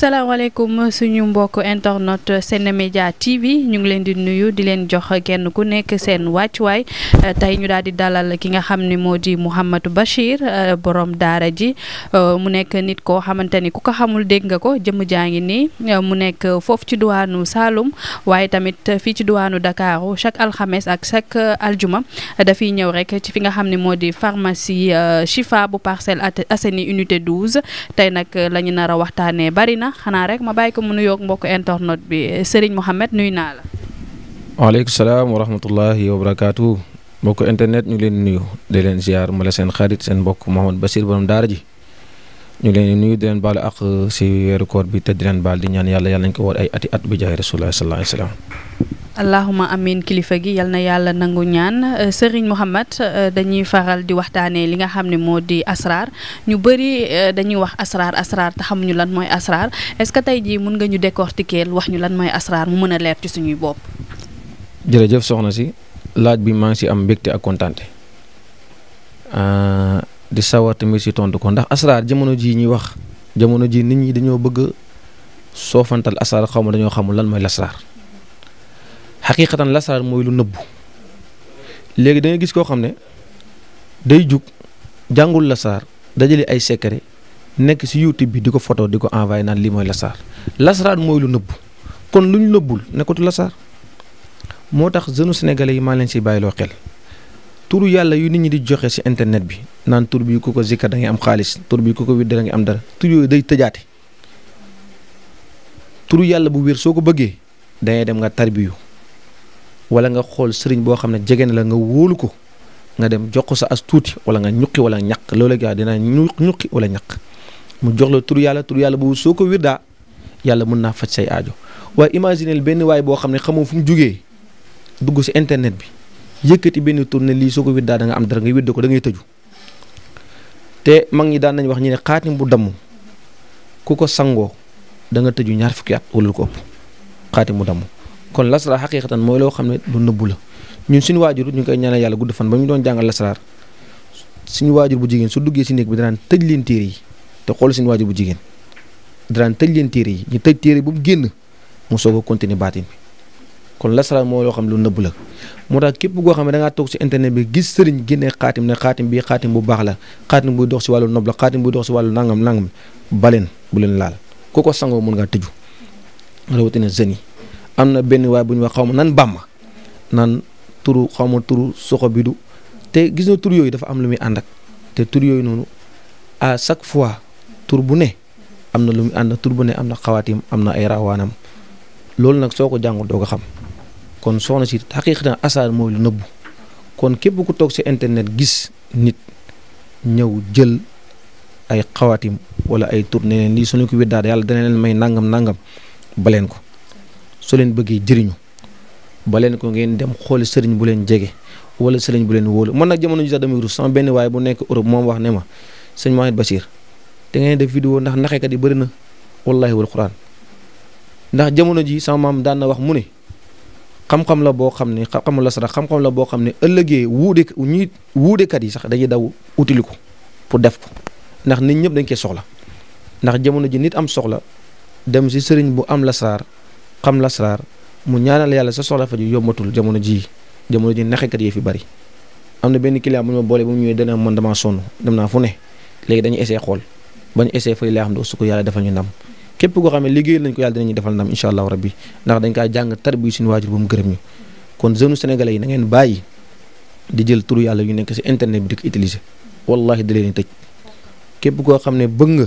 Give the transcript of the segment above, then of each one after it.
salaamaaleykum suñu mbokk internet Senemedia TV ñu ngi leen di nuyu di leen jox kenn ku nekk seen wàccuwaay euh, tey ñu daal di dalal ki nga xam ni moo di Mouhamadou Bachir euh, borom daara ji euh, mu nekk nit koo xamante ni ku ko xamul dégg nga ko jëm jaa ngi nii mu nekk foofu ci duwaanu Saloum waaye tamit fii ci duwaanu Dakar chaque alxames ak chaque aljuma dafiy ñëw rek ci fi nga xam ni moo di pharmacie Chifa bu Parcelles Assainies unité 12 tey nag la ñu nar a waxtaanee bari na xanaa rek ma bàyyi ko mu nuyoog mbokk internet bi Serigne Mohamed nuyu naa la. waaleykum salaam wa rahmatullahi wa barakaatu mbokk internet ñu leen nuyu de leen ziar ma la seen xarit seen mbokk Mohamed Bachir borom daara ji ñu leen nuyu di leen baal ak si weeru koor bi te di leen baal di ñaan yàlla yàlla nañ ko war ay ati at bi jaay rasulullah sallallahu alayhi allahuma amin kilifa gi yal na yàlla nangu ñaan euh, Serigne Mouhamed euh, dañuy faral di waxtaanee li nga xam ne moo di asraar ñu bëri euh, dañuy wax asraar asraar te xamuñu lan mooy asraar est-ce que tey jii mun nga ñu décortiquer wax ñu lan mooy asraar mu mën a leer ci suñuy bopp. jërëjëf soxna si laaj bi maa ngi ci am mbégte ak kontaante di sawar tamit si tontu ko ndax asraar jamono jii ñuy wax jamono ji nit ñi dañoo bëgg soofantal asraar xaw ma dañoo xamul lan mooy lasraar. xaqiqatan lasaraar mooy lu nëbbu léegi da gis koo xam ne day jug jàngul lasaraar dajale ay secret nekk ci youtube bi di ko foto di ko envoyé naan lii mooy lasaraar lasaraar mooy lu nëbbu kon lu ñu nëbbul nekkatu lasaraar moo tax jeune sénégalais yi maa leen si bàyyiloo xel turu yàlla yu nit ñi di joxe si internet bi naan tur bi ku ko zikka da am xaalis tur bi ku ko widda da ngay am dara tur day tëjaate turu yàlla bu wér soo ko bëggee dangay dem nga tarbiyu wala nga xool sëriñ boo xam ne jege na la nga wóolu ko nga dem jox ko sa as tuuti wala nga ñuqi wala ñaq loolu gaa dina ñu ñuqi wala ñaq mu jox la tur yàlla tur yàlla boobu soo ko wirdaa yàlla mën naa faj say aajo waaye imagineel benn waay boo xam ne xamoo fu mu jugee dugg si internet bi yëkkati benn tur ne lii soo ko wirdaa da nga am dara nga widd ko dangay ngay tëju te mag ñi daan nañ wax ñu ne xaatim bu damm ku ko sangoo da nga tëju ñaar fukki at wala lu ko ëpp kon lasra haqiqatan moy lo xamne du lu la ñun suñu wajur ñu koy ñaanal yalla gudd fan ba ñu doon jangal lasrar suñu wajur bu jigen su duggé ci nek bi daan tejj leen téré yi te xol suñu wajur bu jigen daan tejj leen téré yi ñu tejj téré bu mu génn mu soog continuer bi kon lasra lo xam lu la képp da nga tok ci internet bi gis sëriñ génnee khatim né khatim bi khatim bu bax la khatim bu dox ci walu nob khatim bu dox ci walu nangam nangam balen bu leen laal ku ko sangoo nga ngaa tëju rawatina zeni am na benn waay bu ñu wax xaw nan bàmma nan turu xawma ma turu soxo bi du te gis na tur yooyu dafa am lu muy ànd ak te tur yooyu noonu a chaque fois tur bu ne am na lu muy ànd tur bu ne am na xawaatim am na ay rawaanam loolu nag soo ko jàngul doo ko xam kon soo na si xaqiiqatan asaar mooy lu nëbbu kon képp ku toog si internet gis nit ñëw jël ay xawaatim wala ay tur ne leen lii suñu ko widdaat yàlla dana leen may nangam nangam baleen ko soo leen bëggee jëriñu ba leen ko ngeen dem xooli sëriñ bu leen jege wala sëriñ bu leen wóolu mën nag jamono ji sax damay rus sama benn waaye bu nekk Europe moom wax ne ma sëñ Mahammed Bachir te ngeen def vidéo ndax naxekat yi bëri na wallaahi wal quran ndax jamono ji sama maam daan na wax mu ne xam la boo xam ne xam-xam la sarax la boo xam ne ëllëgee wuude ñuy yi sax dañuy daw utili ko pour def ko ndax nit ñëpp dañ koy soxla ndax jamono ji am soxla dem si sëriñ bu am la saar xam lasraar mu ñaanal yàlla sa soxla fa faju yombatul jamono ji jamono ji naxekat yi fi bari am na benn client bu ñu ma boole bu mu ñëwee dana man dama sonn dem naa fu ne léegi dañuy essayé xool bañ ñu essayé fay lay xam ne su yàlla defal ñu ndam képp ko xam ne liggéey lañ ko yàlla dinañu defal ndam incha allahu rabbi ndax dañ kaa jàng tar bi suñu waajur bu mu gërëm ñu kon jeune sénégalais yi na ngeen bàyyi di jël turu yàlla yu nekk si internet bi di ko utiliser wallahi da leen tëj képp koo xam ne bëgg nga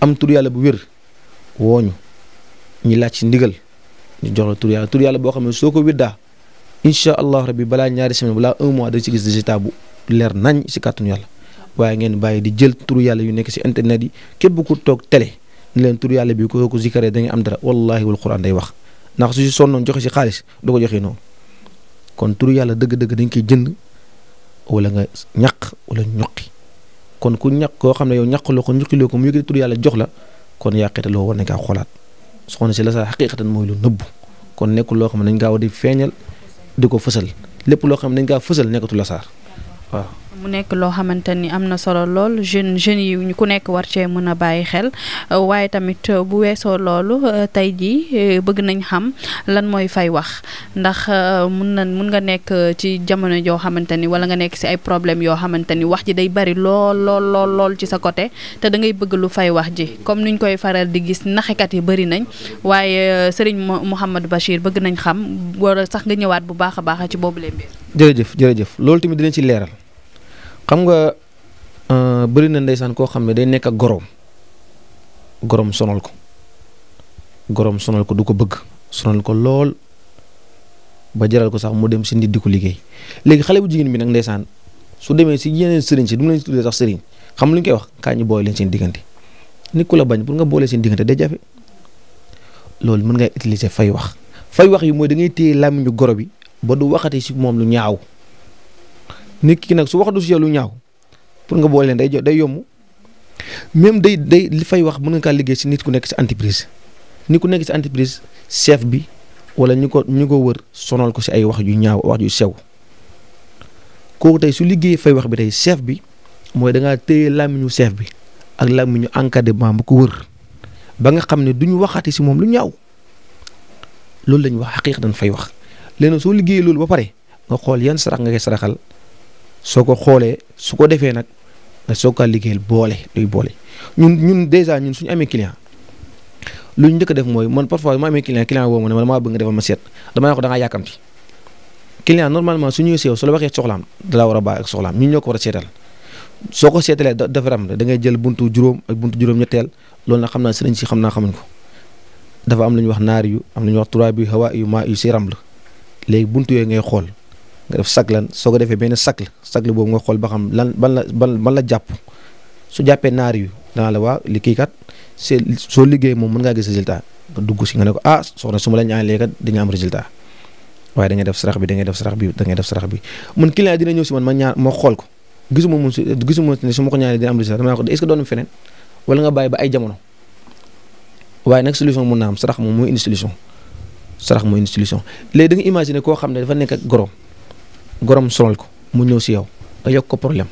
am turu yàlla bu wér wooñu ñi laaj si ndigal ñu jox la tur yàlla tur boo xam ne soo ko widdaa incha allah rabbi balaa ñaari semaine balaa un mois da ci gis résultat bu leer nañ si kàttanu yàlla waaye ngeen bàyyi di jël tur yàlla yu nekk si internet yi képp ku toog télé ni leen tur yàlla bi ko ko zikaree da nga am dara wallahi wal quran day wax ndax su si sonnoon joxe si xaalis du ko joxee noonu kon tur yàlla dëgg-dëgg dañ koy jënd wala nga ñaq wala ñoqi kon ku ñaq koo xam ne yow ñaqloo ko ñuqiloo ko mu yëkkati yàlla jox la kon yàqete loo war kaa xoolaat soxna si la sa xaqiqatan mooy lu nëbbu kon nekkul loo xam ne dañ gaaw di feeñal di ko fësal lépp loo xam ne dañ gaa fësal nekkatu lasaar waaw mu nekk loo xamante ni am na solo lool jeune jeunes yi ñu ku nekk war cee mën a bàyyi xel euh, waaye tamit euh, bu weesoo loolu euh, tey jii bëgg nañ xam lan mooy fay wax ndax mun na mun nga nekk ci jamono joo xamante ni wala nga nekk si ay problème yoo xamante ni wax ji day bari lool lool lool ci sa côté te da ngay bëgg lu fay wax ji comme nuñ koy faral di gis naxekat yi bëri nañ waaye Serigne Mouhamadou Bachir bëgg nañ xam wala sax nga ñëwaat bu baax a baax ci boobu leen bi jërëjëf jërëjëf loolu tamit dinañ ci leeral xam nga euh, bëri na ndeysaan koo xam ne day nekk ak goroom goroom sonal ko goroom sonal ko du ko bëgg sonal ko lool ba jaral ko sax mu dem si nit di ko liggéey léegi xale bu jigéen bi nag ndeysaan su demee si yeneen sëriñ si du mu leen si tuddee sax sëriñ xam lu ñu koy wax kaa ñu boole leen seen diggante nit ku la bañ pour nga boole seen diggante day jafe loolu mën ngay utiliser fay wax fay wax yi mooy da ngay téye làmmiñu goro bi ba du waxati si moom lu ñaaw. nit ki nag su wax du si yow lu ñaaw pour nga boole day jo day yomb même day day li fay wax mën nga kaa liggéey si nit ku nekk si entreprise nit ku nekk si entreprise chef bi wala ñu ko ñu ko wër sonal ko si ay wax yu ñaaw wax yu sew kooku tey su liggéeyee fay wax bi tey chef bi mooy da ngaa téye làmmiñu chef bi ak làmmiñu encadrement bu ko wër ba nga xam ne du ñu waxati si moom lu ñaaw loolu lañ wax xaqiiq dañ fay wax léegi soo liggéeyee loolu ba pare nga xool yan sarax nga koy saraxal soo ko xoolee su ko defee nag nga soo kaa liggéeyal boole luy boole ñun ñun dèjà ñun suñu amee client lu ñu njëkk a def mooy man parfois ma amee client client woo ma ma bëgg nga defal ma seet damaa wax ko da ngaa yàkkamti client normalement su ñuy seew su la waxee soxlaam da la war a bàyyi ak soxlaam ñun ñoo ko war a seetal soo ko seetalee dafa am dangay jël buntu juróom ak buntu juróom-ñetteel loolu nag xam naa si sëriñ si xam naa xamuñ ko dafa am lu ñuy wax naar yu am lu wax turaab yu hawa yu maa yu siram la léegi buntu yooyu ngay xool nga def saglan soo ko defee benn sac sakl boobu nga xol ba xam lan ban la ban ban la japp su jappé nar yu danaa la wa li kii kat so liggé mom mën nga gis résultat nga dugg ci nga ne ko ah soxna suma la ñaan lé kat di nga am résultat waye da nga def sarax bi da nga def sarax bi da nga def sarax bi mun client dina ñew ci man ma ñaar mo xol ko gisuma mun gisuma ne suma ko ñaanalee dina am résultat dama ko est-ce doon fenen wala nga bay ba ay jamono waye nak solution mu naa am sarax mo moy une solution sarax mooy une solution lé da nga imaginer ko xamné dafa nek ak gorom gorom sonal ko mu ñëw si yow nga yokk ko problème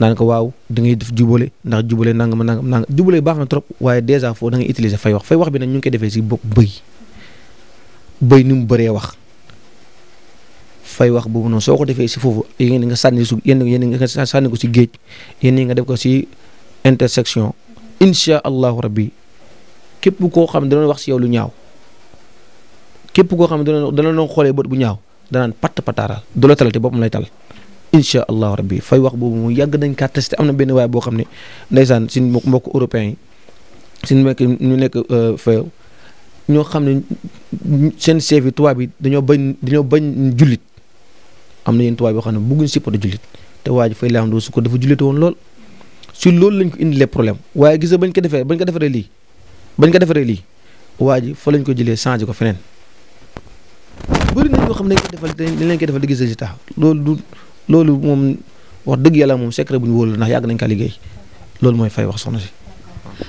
naan ko waaw da ngay def jubale ndax jubale nangam nangam nangam jubale baax na trop waaye dèjà foo da ngay utiliser fay wax fay wax bi nag ñu ngi koy defee si bopp bëy bëy ni mu bëree wax fay wax boobu noonu soo ko defee si foofu yéen nga sànni su yéen yéen nga sànni ko si géej yéen nga def ko si intersection incha Allah rabbi képp koo xam ne dana wax si yow lu ñaaw képp koo xam ne dana dana xoolee bët bu ñaaw. danaan patt pataaral du la talati boppam lay tal incha allahu rabbi fay wax boobu mu yàgg nañ kaa testé am na benn waay boo xam ne ndeysaan suñ mbokk européen yi suñ nekk ñu nekk euh, fa ñoo xam ne seen chef yi tubaab yi dañoo bañ dañoo bañ jullit am na yenn tubaab yoo xam ne bëgguñ supporter jullit te waa ji fay laa xam ne su ko dafa jullite woon lool si loolu lañ ko indilee problème waaye gis bañ ko defee bañ ko defaree lii bañ ko defaree lii waa ji fa lañ ko jëlee changé ko feneen bëri nañ ñoo xam ne dañ koy loolu moom wax dëgg yàlla moom secret bu ñu wóolu ndax yàgg nañ kaa liggéey loolu mooy fay wax soxna si.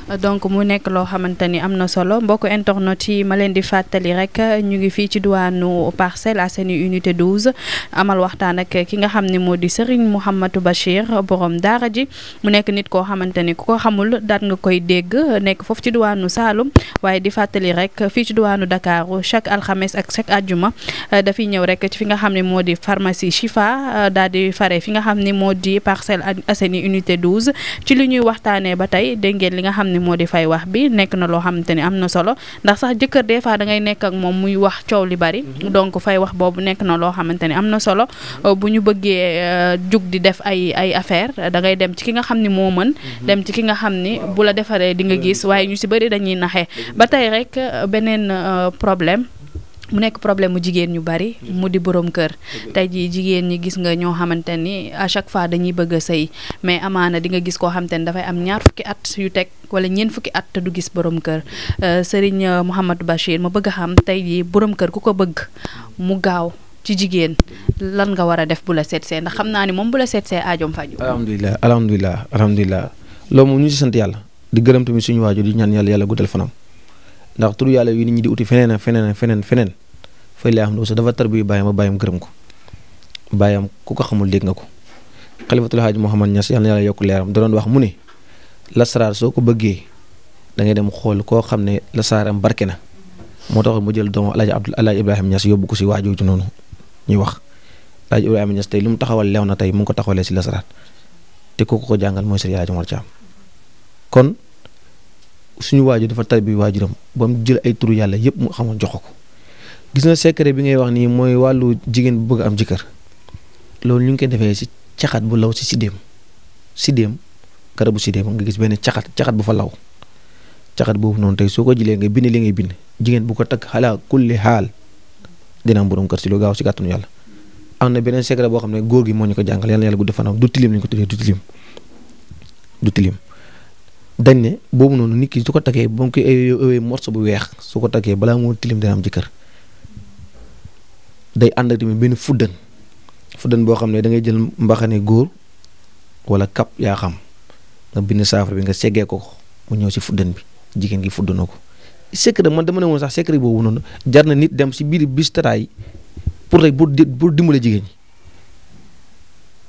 Euh, donc mu nek lo xamanteni amna solo mbok internet yi malen di fatali rek ñu ngi fi ci duwaanu Parcelles Assainies unité 12 amal waxtaan ak ki nga xamni modi Serigne Mouhamadou Bachir borom daara ji mu nek nit ko xamanteni ku ko xamul dat nga koy deg nek foofu ci douane salum waye di fatali rek fi ci douane Dakar chaque alxames ak chaque da fi ñew rek ci fi nga xamni modi pharmacie shifa euh, da di faré fi nga xamni modi moo di unité 12 ci li ñuy waxtane ba tey ngeen li nga xamni ni modi fay wax bi nek na lo xamanteni amna solo ndax sax jëkkër des fois da ngay nek ak mom muy wax ciow li bari mhm. donc fay wax bobu nek na lo xamanteni amna solo buñu ñu juk di def ay ay affaire da ngay dem ci ki nga xamni mo meun dem ci ki nga xamni ni bu la di nga gis waye ñu ci bëri dañuy naxé ba tay rek eh, benen eh, problème mu nekk problème mu jigéen ñu bari mu di borom kër tey ji jigéen ñi gis nga ñoo xamante ni à chaque fois dañuy bëgg a sëy mais amaana di nga gis koo xamante ni dafay am ñaar fukki at yu teg wala ñeen fukki at te du gis borom kër euh, sëriñ euh, Mouhamadou Bachir ma bëgg a xam tey ji borom kër ku ko bëgg mu gaaw ci jigéen lan nga war a def bu la seetsee ndax xam naa ni moom bu la seetsee aajom faju alhamdulilah alhamdulilah alhamdulilah loolu moom ñu si sant yàlla di gërëm tamit suñu di ñaan yàlla yàlla guddal fanam ndax turu yàlla yu nit ñi di uti feneen ak feneen ak feneen feneen fay laa xam ne aussi dafa tar bi bàyyam bàyyam gërëm ko bàyyam ku ko xamul dégg nga ko xalifatul xaaj Mouhamad Niass yàlla na yàlla yokk leeram da doon wax mu ne lasaraar soo ko bëggee da ngay dem xool koo xam ne lasaaram barke na moo taxoon mu jël doomu alaaji Abdul alaaji Ibrahima Niass yóbbu ko si waajooju noonu ñuy wax alaaji Ibrahima Niass tey lu mu taxawal lew na tey mu ngi ko taxawalee si lasaraar te kooku ko jàngal mooy Sëriñ Alaaji Omar Thiam kon suñu waajur dafa tarbi waajuram ba mu jël ay turu yàlla yëpp mu xamoon joxo ko gis na secret bi ngay wax nii mooy wàllu jigéen bu bëgg am jëkkër loolu ñu ngi koy defee si caxat bu law si sidéem sidéem garabu sidéem nga gis benn caxat caxat bu fa law caxat boobu noonu tey soo ko jëlee nga bind li ngay bind jigéen bu ko takk xalaa kulli xaal dina am borom kër si lu gaaw si kàttanu yàlla. am na beneen secret boo xam ne góor gi moo ñu ko jàngal yàlla yàlla gudd fanam du tilim lañ ko tuddee du tilim du tilim. dañ ne boobu noonu nit ki su ko takkee ba mu ko ewee morso bu weex su ko takkee balaa moo tilim dina am ci kër day ànd ak tamit benn fuddan fuddan boo xam ne da ngay jël mbaxane góor wala kap yaa xam nga bind saafara bi nga seggee ko ko mu ñëw ci fuddan bi jigéen gi fuddana ko secret man dama ne woon sax secret boobu noonu jar na nit dem si biir bis taraay pour rek pour pour dimbale jigéen ñi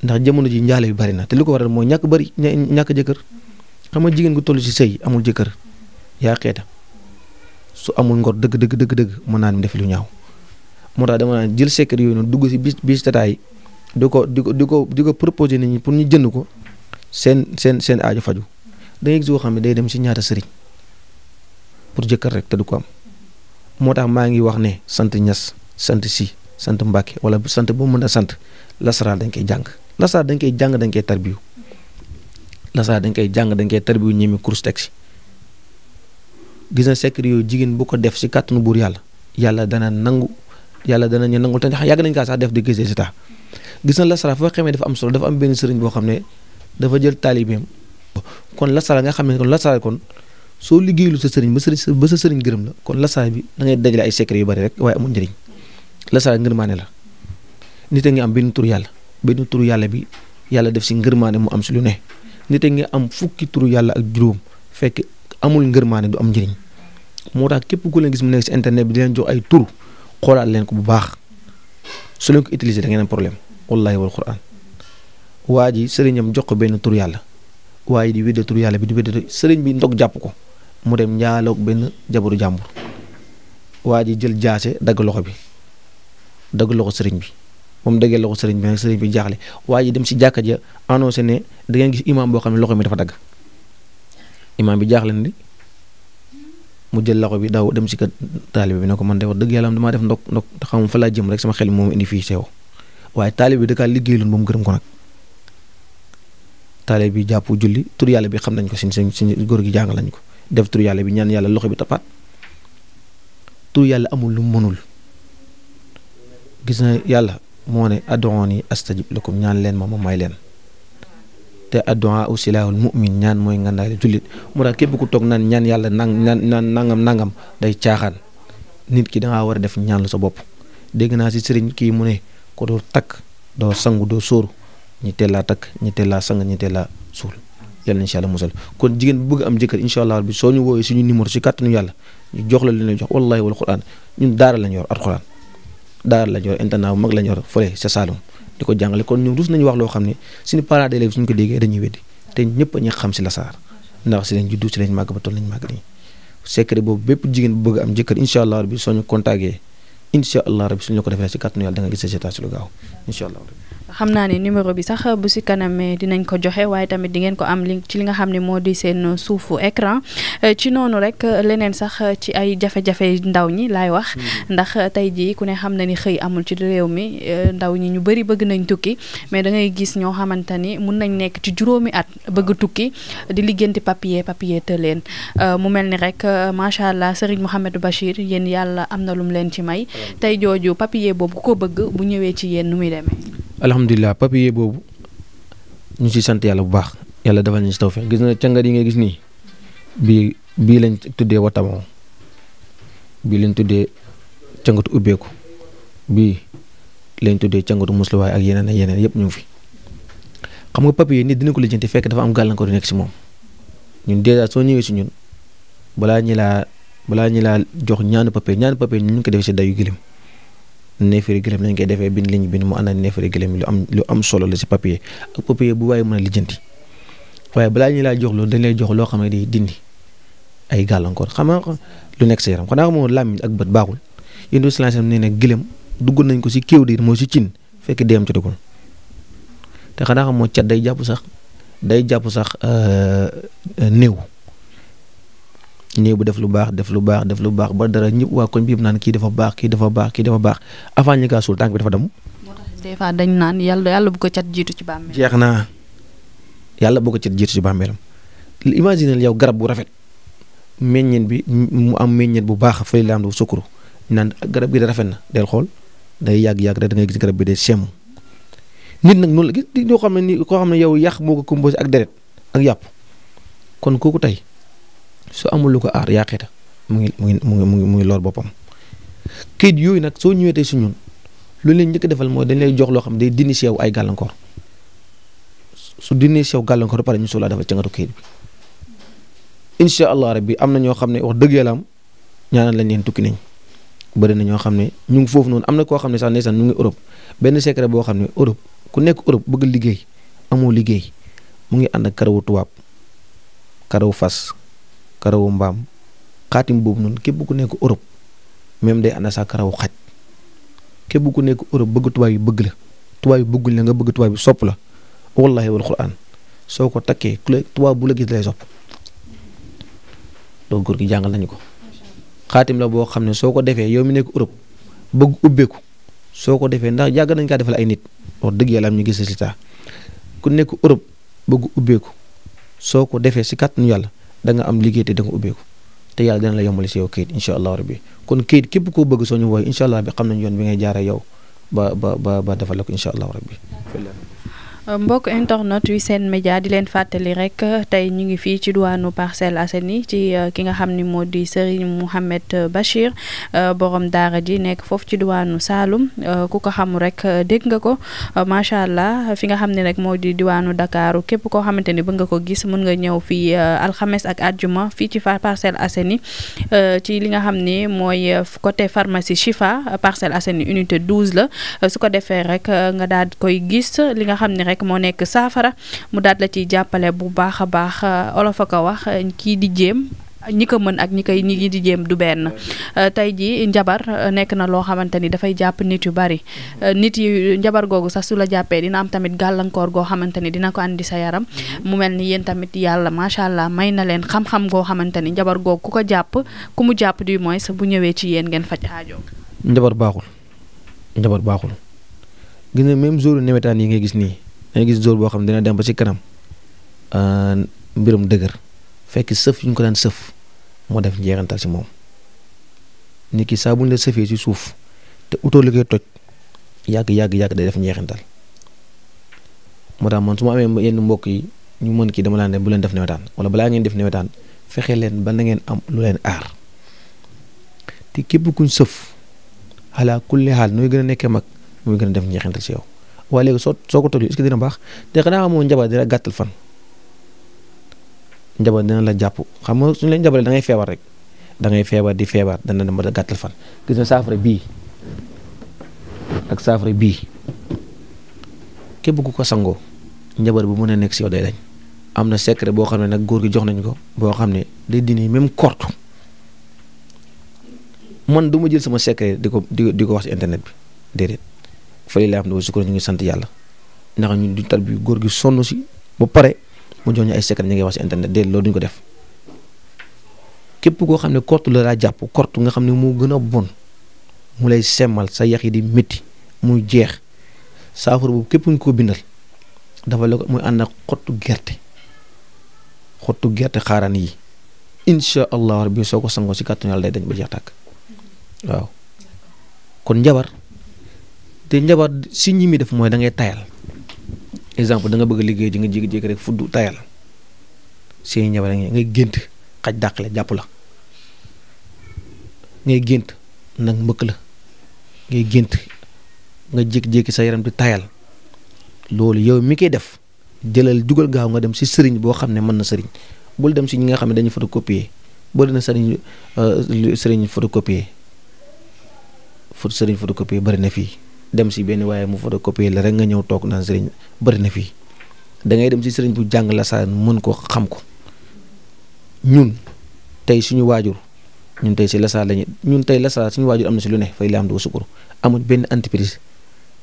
ndax jamono ji njaale bi bari na te li ko waral mooy ñàkk bari ñàkk jëkkër xam nga jigéen gu toll ci sëy amul jëkkër yaa xeeta su amul ngor dëgg dëgg dëgg dëgg mën naa dem def lu ñaaw moo tax dama naa jël secret yooyu noonu dugg si bis bis tataay du ko di ko di ko di ko proposé nit ñi pour ñu jënd ko seen seen seen aajo faju da ngay gis koo xam ne day dem si ñaata sëriñ pour jëkkër rek te du ko am moo tax maa ngi wax ne sant ñas sant si sant mbàkke wala sant bu mën a sant lasaraan dañ koy jàng lasaraan dañ koy jàng dañ koy tarbiyu lasaa dañ koy jàng dañ koy tarbiyu ñemi course teg si gis na secret yooyu jigéen bu ko def si kàttanu buur yàlla yàlla dana nangu yàlla dana ñu nangul te yàgg nañ kaa sax def di gisee si taa gis na lasara fa xamee dafa am solo def am benn sëriñ boo xam ne dafa jël taalibeem kon lasara nga xam ne kon lasara kon soo liggéeylu sa sëriñ ba sëriñ ba sa sëriñ gërëm la kon lasara bi da ngay dajale ay secret yu bari rek waaye amul njëriñ lasara ngërmaane la nit a ngi am benn tur yàlla benn tur yàlla bi yàlla def si ngërmaane mu am si lu ne nité ngi am fukki turu yalla ak juróom fekk amul ngeurmané du am jëriñ motax képp ku leen gis mu nekk ci internet bi di leen jox ay tur xoolaat leen ko bu baax su leen ko utiliser da ngeen am problème wallahi wal quran waji ji sëriñam jox ko benn tur yalla waji di wedde tur yalla bi di wedde sëriñ bi ndok japp ko mu dem ñaalok ben jaburu jambur waji jël jaase dag loxo bi dag loxo sëriñ bi mom dëggal lako sëriñ bi nag sëriñ bi jaxlé waji dem si jakka ja annoncé né da ngeen gis imam bo xam loxo mi dafa dag imam bi jaxlé ni mu jël loxo bi daw dem si kër taalibe bi nako man de wax dëgg yalla am damaa def ndok ndok te xam fa la jëm rek sama xel mom indi fi sew waye talib bi da kaa liggéeyaloon gërëm ko nak talib bi jappu julli tur yalla bi xam nañ ko sin sin gor góor gi jàng lañ ko def tur yalla bi ñaan yalla loxo bi tapat tur yalla amul lu mënul gis na moone ne astajib lakum ñaan leen ma ma may leen te addu'a u silaahul mu'min ñaan mooy ngandaale julit mu da kep ku tok nan ñaan yalla nang nan nangam nangam day chaxan nit ki da nga wara def ñaan lu sa bop deg na ci serigne ki mu ne ko do tak do sangu do sóoru ñi teel tak ñi sang ñi teel sul yalla inshallah musal kon jigen bu bëgg am jëkkër inshallah allah bi soo ñu suñu numéro si kàttanu yàlla ñu jox la leen jox wallahi wal quran ñun daara lañ yor alquran daara lañ yor internat bu mag lañ yor fële sa Saloum di ko jàngale kon ñun rus nañu wax loo xam ne suñu parents d'élèves suñu ko déggee dañuy weddi te ñëpp a xam si Lassar ndax si lañ juddu si lañ màgg ba toll lañ màgg nii secret boobu bépp jigéen bu bëgg am jëkkër incha allah rabbi soo ñu contacté incha allah rabbi suñu ko defee si kàttanu yàlla da nga gis sa gétation lu gaaw incha allah xam naa ni numéro bi sax bu si kanamee eh, dinañ ko joxe waaye tamit di ngeen ko am li ci li nga xam ne moo di seen suufu écran eh, ci noonu rek eh, leneen sax ci ay jafe-jafe ndaw ñi laay wax hmm. ndax tey jii ku ne xam na ni xëy amul ci réew mi ndaw ñi ñu bëri bëgg nañ tukki mais da ngay gis ñoo xamante ni mun nañ nekk ci juróomi at bëgg tukki di liggéenti papier papier te leen mu mel ni rek macha allah Serigne Mouhamadou Bachir yéen yàlla am na lum leen ci may hmm. tey jooju boobu ko bëgg bu ñëwee ci yéen nu muy demee alhamdulilah papier boobu ñu ci sant yàlla bu baax yàlla defal ñu si tawfeex gis na càngat yi nga gis ni bii bii lañ tuddee watamoo bii lañ tuddee càngatu ubbeeku bii lañ tuddee càngatu musluwaay ak yeneen ak yeneen yëpp ñu ngi fi xam nga papier ni dina ko lijjanti fekk dafa am gàllankoor yu nekk si moom ñun dèjà soo ñëwee si ñun balaa ñi laa balaa ñi laa jox ñaanu papier ñaanu papier ñu ngi ko def si dayu gilim neefere gëlëm nañ koy defee bind liñ bind mu ànd ak neefere gëlëm lu am lu am solo la si papier ak papier bu waaye mën a lijjanti waaye balaa ñu laa jox loolu dangay jox loo xam ne day dindi ay gàllankoor xam nga lu nekk sa yaram xanaa xamoo làmmiñ ak bët baaxul yéen du silenciam nee na gëlëm dugg nañ ko si kéew di mooy si cin fekk deem jotagul te xanaa xamoo cat day jàpp sax day jàpp sax euh, euh, néew ñëw bu def lu baax def lu baax def lu baax ba dara ñëpp waa koñ bi yëpp naan kii dafa baax kii dafa baax kii dafa baax avant ñu kaa suul tànk bi dafa dem. moo dañ naan yàlla yàlla bu ko cat jiitu ci bàmmeelam. jeex naa yàlla bu ko cat jiitu ci bàmmeelam imagine yow garab bu rafet meññeen bi mu am meññeen bu baax fële la am du sukkuru naan garab gi da rafet na del xool day yàgg yàgg rek da ngay gis garab bi de semm nit nag noonu la gis ñoo xam ne nii koo xam ne yow yàq moo ko composé ak deret ak yàpp kon kooku tey su amul lu ko aar yàqita mu ngi mu ngi mu ngi mu ngi lool boppam kayit yooyu nag soo ñëwee tey su ñun loolu leen njëkk defal mooy dañ lay jox loo xam day dindi si yow ay gàllankoor su dindi si gàllankoor pare ñu soog laa defal cëngatu kayit bi incha allah rabbi am na ñoo xam ne wax dëgg yàlla am ñaanal lañ leen tukki nañ bëri na ñoo xam ne ñu ngi foofu noonu am na koo xam ne sax ndeysaan mu ngi Europe benn secret boo xam ne Europe ku nekk Europe bëgg liggéey amoo liggéey mu ngi ànd ak karawu tubaab karawu fas karawu mbaam xaatim boobu noonu képp ku nekk Europe même day ànd sa karawu képp ku nekk Europe bëgg tubaab bëgg la tubaab yi bëgguñ la nga bëgg tubaab yi sopp la wallahi wal quran soo ko takkee ku la tubaab bu la gis lay sopp donc góor gi jàngal nañ ko xaatim la boo xam ne soo ko defee yow mi nekk Europe bëgg ubbeeku soo ko defee ndax yàgg nañ kaa defal ay nit wax dëgg yàlla am ñu ku nekk Europe bëgg ubbeeku soo ko defee si kàttanu yàlla danga am liggéey te da nga ubbeeku te yàlla dina la yombal si yow kayit incha allah rabbi kon kayit képp koo bëgg soo ñu wooye incha allah bi xam nañ yoon bi ngay jaare yow ba ba ba ba defal la ko incha allah rabbi Euh, mbokk internet yu seen média di leen fàttali rek tey ñu ngi fii ci duwaanu Parcelles Assainies ci euh, ki nga xam ni moo di Serigne Mohamed euh, Bachir borom daara ji nekk foofu ci duwaanu Saloum ku ko xam rek dégg nga ko macha allah fi nga xam ne rek moo di diwaanu Dakar képp koo xamante ni bëgg nga ko gis mën nga ñëw fii alxames ak àjjuma fii ci Parcelles Assainies ci li nga xam ni mooy côté pharmacie Chifa Parcelles Assainies unité 12 la su ko defee rek nga daal koy gis li nga xam ni rek rek moo nekk saafara mu daat la ciy jàppale bu baax a baax euh, olof a ko wax euh, kii di jéem ñi ko mën ak ñi koy ñi di jéem du benn euh, tey ji njabar nekk na loo xamante ni dafay jàpp nit yu bari nit yi njabar googu sax su la jàppee dina am tamit gàllankoor goo xamante ni dina ko andi sa yaram mu mel ni yéen tamit yàlla macha allah may na leen xam-xam goo xamante ni njabar googu ku ko jàpp ku mu jàpp du moins bu ñëwee ci yéen ngeen faj aajo njabar baaxul njabar baaxul gis même jour dañu gis dóor boo xam dina dem ba ci kanam euh, mbirum dëgër fekk sëf yu ñu ko daan sëf moo def njeexantal ci moom nit ki saa bu la sëfee ci suuf te utoo li koy toj yàgg yàgg yàgg day def njeexantal moo tax man su ma amee yenn mbokk yi ñu mën kii dama laan ne bu leen def nawetaan wala balaa ngeen def nawetaan fexe leen ba na ngeen am lu leen aar te képp kuñ sëf xalaa kulli xaal nooy gën a nekkee mag muy gën a def njeexantal ci yow waaye léegi soko soo est-ce dina bax te xana xamoo njabar dina fan njabar dina la japp xam nga suñu leen jabalee da ngay febar rek da ngay febar di febar dana dem da gàttal fan gis na saafara bi ak saafara bi ke bu ko sango njabar bu muna nek ci yow day dañ am na secret bo xam nak nag góor gi jox nañ ko bo xam ne day même corte man duma jël sama secret di ko di ko wax internet bi dedet fa lillahi hamdu wa shukru ñu na sant yàlla ndax ñun duñ gi si bo pare mu jox ñu ay secret ñu wax internet déedéet duñ ko def képp koo xam ne kort la raja jàpp kort nga xam ne moo bon mu lay semal sa di miti mu jeex saafara bu képp ko bindal dafa la muy ànd ak xottu gerte xottu gerte xaaraan yi insha allah rabbi so ko sangoo si kàttanu day dañ ba jeex kon jabar te njabar si ñi mi def mooy da ngay exemple da nga bëgg liggéey ji nga jékki-jékki rek fuddu tayal seen njabar da ngay gént xaj dàqale jàpp la ngay gént nag mbëkk la ngay gént nga jékki-jékki sa yaram di tayal loolu yow mi koy def jëlal jugal gaaw nga dem si sëriñ boo xam ne mën na sëriñ bul dem si ñi nga xam ne dañu photocopier bëri na sëriñ euh, sëriñ photocopier sëriñ photocopier bëri na fii dem si benn waaye mu photocopier la rek nga ñëw toog naan sëriñ bëri na fii dangay dem si sëriñ bu jàng la saa mën ko xam ko ñun tey suñu waajur ñun tey si lasaar lañu ñun tey lasaar suñu waajur am na si lu ne fay laam du sukkur amul benn entreprise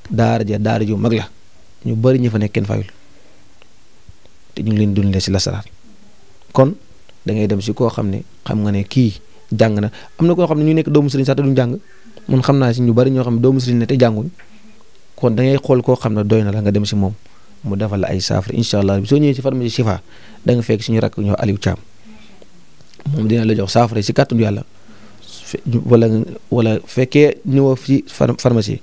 daara ja daara mag la ñu bëri ñi fa nekk kenn te ñu ngi leen dundee si lasaar kon dangay dem si koo xam ne xam nga ne kii jàng na am na koo xam ne ñu nekk doomu sëriñ sax te duñ jàng mun xam naa si ñu bari ñoo xam ne doo muslim ne te jànguñ kon da ngay xool koo xam ne doy na la nga dem si moom mu defal la ay saafara incha allah soo ñëwee si pharmacie Chifa da nga fekk suñu rakk ñoo Aliou Thiam moom dina la jox saafara si kàttanu yàlla wala wala fekkee ñëwoo fi pharmacie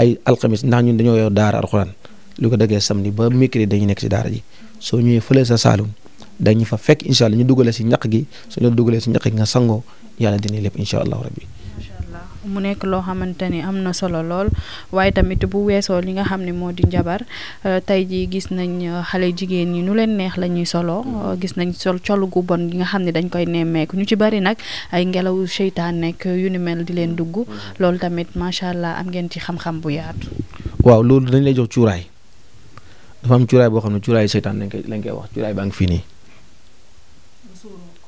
ay alxamis ndax ñun dañoo yor daara alxuraan lu ko déggee samedi ba mercredi dañuy nekk si daara ji soo ñëwee fële sa saalum dañu fa fekk incha allah ñu dugalee si ñaq gi su ñu dugalee si ñaq gi nga sangoo yàlla dina lépp incha allah rabbi mu nekk loo xamante ni am na solo lool waaye tamit bu weesoo li nga xam ne moo di njabar euh, tey jii gis nañ euh, xale jigéen ñi nu leen neex la ñuy solo mm-hmm. gis nañ sol colu gu bon gi nga xam ne dañ koy nemmeeku ñu ci bari nag ay ngelaw seytaan nekk euh, yu ni mel di leen dugg mm-hmm. loolu tamit macha allah am ngeen ci xam-xam bu yaatu. waaw loolu dañ lay jox cuuraay dafa am cuuraay boo xam ne cuuraayu seytaan lañ koy lañ koy wax cuuraay baa ngi fii nii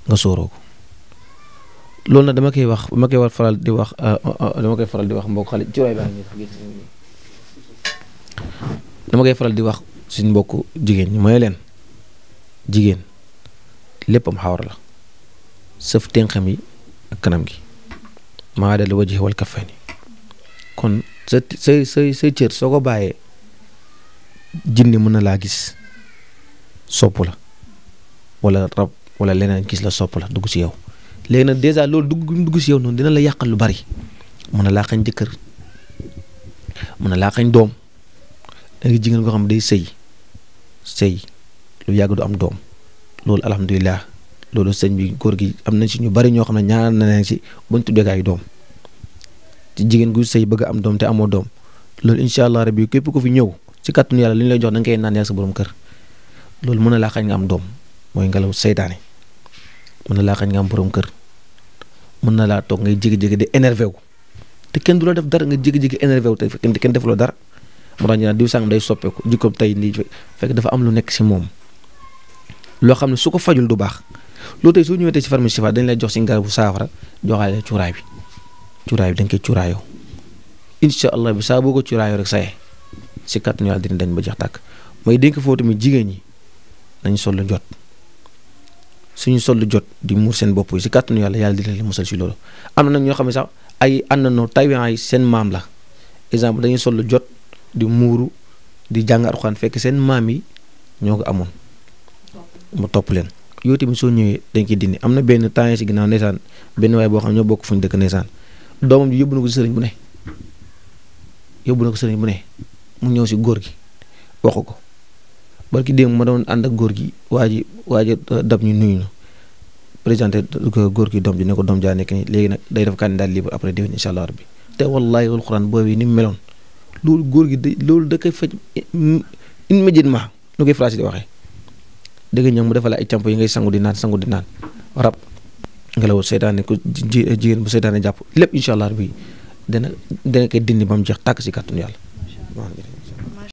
nga sóoroo ko. loolu nag dama koy wax dama koy war faral di wax euh, euh, euh, dama koy faral di wax mbokk xale ci waay baa dama koy faral di wax suñ mbokk jigéen ñi mooy leen jigéen lépp am la sëf tenxam yi ak kanam gi maa dal wajhi wal kaffayni kon sa say say say cër soo ko bàyyee jinne mën na laa gis sopp la wala rab wala leneen gis la sopp la dugg ci yow léegi nag dèjà loolu dugg dugg si yow noonu dina la yàqal lu bari mën na laa xañ jëkkër mën na laa xañ doom da jigéen koo xam day sëy sëy lu yàgg du am doom loolu alhamdulilah loolu sëñ bi góor gi am nañ si ñu bari ñoo xam ne ñaan na leen si buñ tuddee ay doom ci jigéen gu sëy bëgg am doom te amoo doom loolu incha allah rabbi képp ku fi ñëw si kàttanu yàlla li ñu lay jox da nga koy naan yaa sa borom kër loolu mën na laa xañ nga am doom mooy ngelaw seytaane mën na laa xañ nga am borom kër. mën na laa toog ngay jékki-jékki di énervé wu te kenn du la def dara nga jékki-jékki énervé te fekk kenn defuloo dara moo tax ñu naan diw sàngam day soppeeku jikkoom tey am lu nekk si moom loo xam ne su ko fajul du baax loo tey soo ñëwee tey si pharmacie Chifa dañ lay jox si garabu saafara joxaale cuuraay bi cuuraay bi dañ koy cuuraayoo incha allah bi saa boo ko cuuraayoo rek saye si kàttanu yàlla dina dañ ba jeex tàkk mooy dénk foo tamit jigéen ñi nañ sol lu jot suñu sollu jot di muur seen bopp yi si kàttanu yàlla yàlla di leen musal si loolu am na nag ñoo xam ne sax ay àndandoo taywaan yi seen maam la exemple dañuy sollu jot di muuru di jàng alxuraan fekk seen maam yi ñoo ko amoon mu topp leen yooyu tamit soo ñëwee dañ koy dindi am na benn temps si ginnaaw ndeysaan benn waaye boo xam ñoo bokk fu ñu dëkk ndeysaan doomam ji yóbbu na ko si sëriñ bu ne yóbbu na ko sëriñ ne mu ñëw si góor gi waxu ko barki démb ma doon ànd ak góor gi waa ji waa ji euh, dab ñu nuyu ñu présenté góor gi doom ji ne ko doom jaa nekk nii léegi nag day def candidat libre après déwén incha allah rabbi te wallaahi wal xuraan boobu ni mu meloon loolu góor gi de loolu da koy faj immédiatement nu koy français di waxee dëgg ñoom mu defal ay campo yi ngay sangu di naan sangu di naan rab ngelaw seytaane ko jigéen bu seytaane jàpp lépp incha allah rabbi dana dana koy dindi ba mu si kàttanu yàlla.